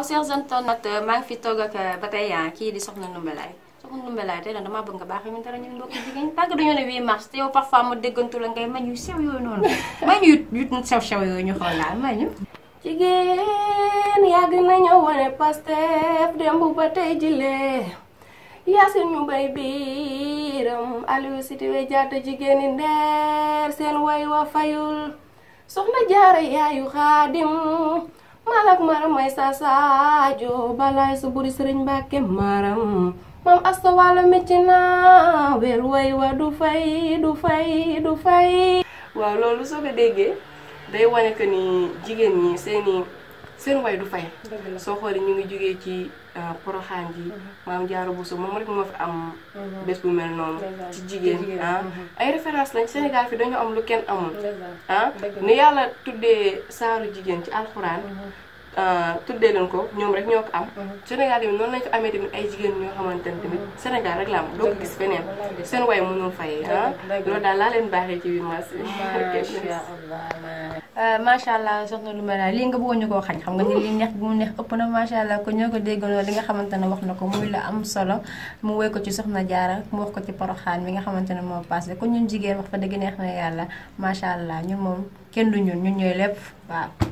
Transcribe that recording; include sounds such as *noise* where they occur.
waaw chers internautes maa ngi fi toog ak ba tey kii di Soxna Ndoumbelay Soxna Ndoumbelay tey nag damaa bëgg nga baax ñu dara ñun mbokk jigéen tàgg dañoo ne 8 mars te yow parfois ma déggantu la ngay mañ yu sew yooyu ñu xool daal mañu jigéen yàgg nañoo wane Pastef démb ba tey jilee yaasin ñu bay biiram Aliou Sidibé Diatta jigéeni ndeer seen way wa fayul soxna jaara yaayu xaadim malak maram may sa saajo balaay su buri sëriñ Mbàkke maram maam asta wala métti na weer way wa du fay du fay du fay waaw loolu soo ko déggee day wane ni jigéen ñi seeni seen way du fay soo xoolee ñu ngi jógee ci euh, poroxaan ji mhm. maam jaaro buso moom rek moo fi am mhm. bés bu mel noonu ci jigéen ah mhm. ay référence lañ Sénégal fi dañu am lu kenn amul ah ni yàlla tuddee saaru jigéen ci alxuraan euh, tuddee leen ko ñoom rek ñoo ko am Sénégal yi noonu lañ ko amee tamit ay jigéen ñoo xamante ne tamit Sénégal rek la am doo ko gis feneen seen way mënul fay ah loolu daal laa leen baaxee ci bi maas *laughs* macha allah soxna Loumbéra lii nga bëggoon ñu koo xañ xam nga ni li neex bi mu neex ëpp na macha allah ko ñoo ko déggandoo li nga xamante ne wax na ko muy la am solo mu woy ko ci soxna jaara mu wax ko ci poroxaan mi nga xamante ne moo passé ko ñun jigéen wax fa dëgg neex na yàlla macha allah ñu moom kenn du ñun ñu ñooy lépp waaw.